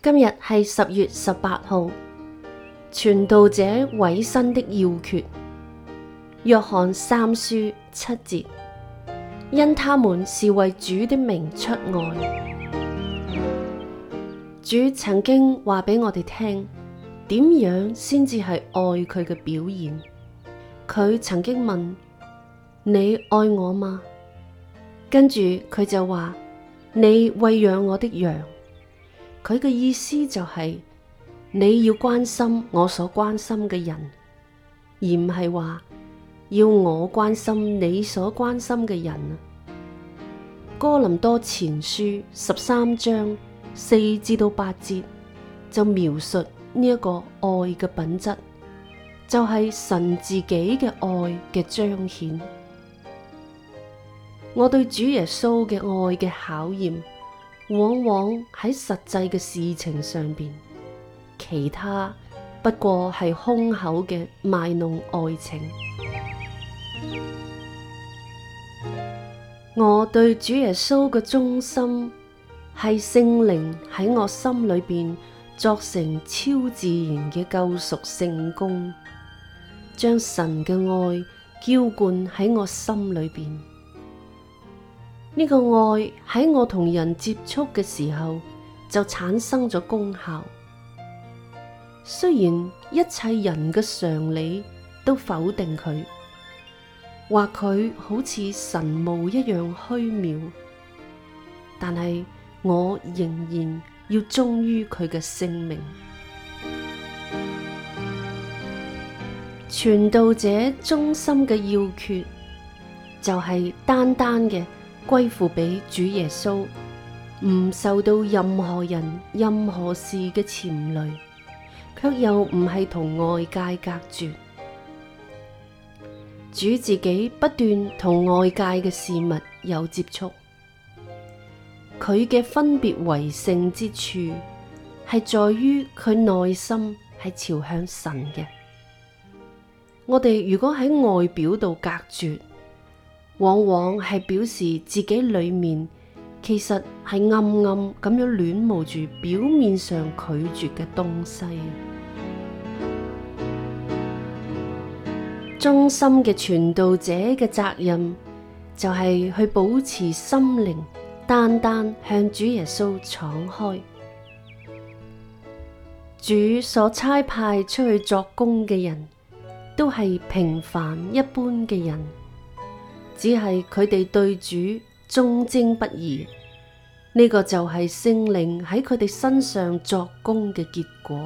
今日係十月十八號，傳道者委身的要訣，約翰三書七節，因他們是為主的名出外，主曾經話畀我哋聽，點樣先至係愛佢嘅表現？佢曾經問：你愛我嗎？跟住佢就話：你餵養我的羊。佢嘅意思就係你要關心我所關心嘅人，而唔係話要我關心你所關心嘅人啊。哥林多前書十三章四至到八節就描述呢一個愛嘅品質，就係神自己嘅愛嘅彰顯。我對主耶穌嘅愛嘅考驗。往往喺實際嘅事情上邊，其他不過係空口嘅賣弄愛情。我對主耶穌嘅忠心，係聖靈喺我心裏邊作成超自然嘅救贖聖工，將神嘅愛澆灌喺我心裏邊。呢個愛喺我同人接觸嘅時候就產生咗功效，雖然一切人嘅常理都否定佢，話佢好似神霧一樣虛渺，但係我仍然要忠於佢嘅性命。傳道者忠心嘅要訣就係、是、單單嘅。歸附俾主耶穌，唔受到任何人、任何事嘅牽累，却又唔係同外界隔絕。主自己不斷同外界嘅事物有接觸，佢嘅分別為聖之處係在於佢內心係朝向神嘅。我哋如果喺外表度隔絕。往往係表示自己裏面其實係暗暗咁樣戀慕住表面上拒絕嘅東西。忠心嘅傳道者嘅責任就係、是、去保持心靈單單向主耶穌敞開。主所差派出去作工嘅人都係平凡一般嘅人。只係佢哋對主忠貞不二，呢、這個就係聖靈喺佢哋身上作功嘅結果。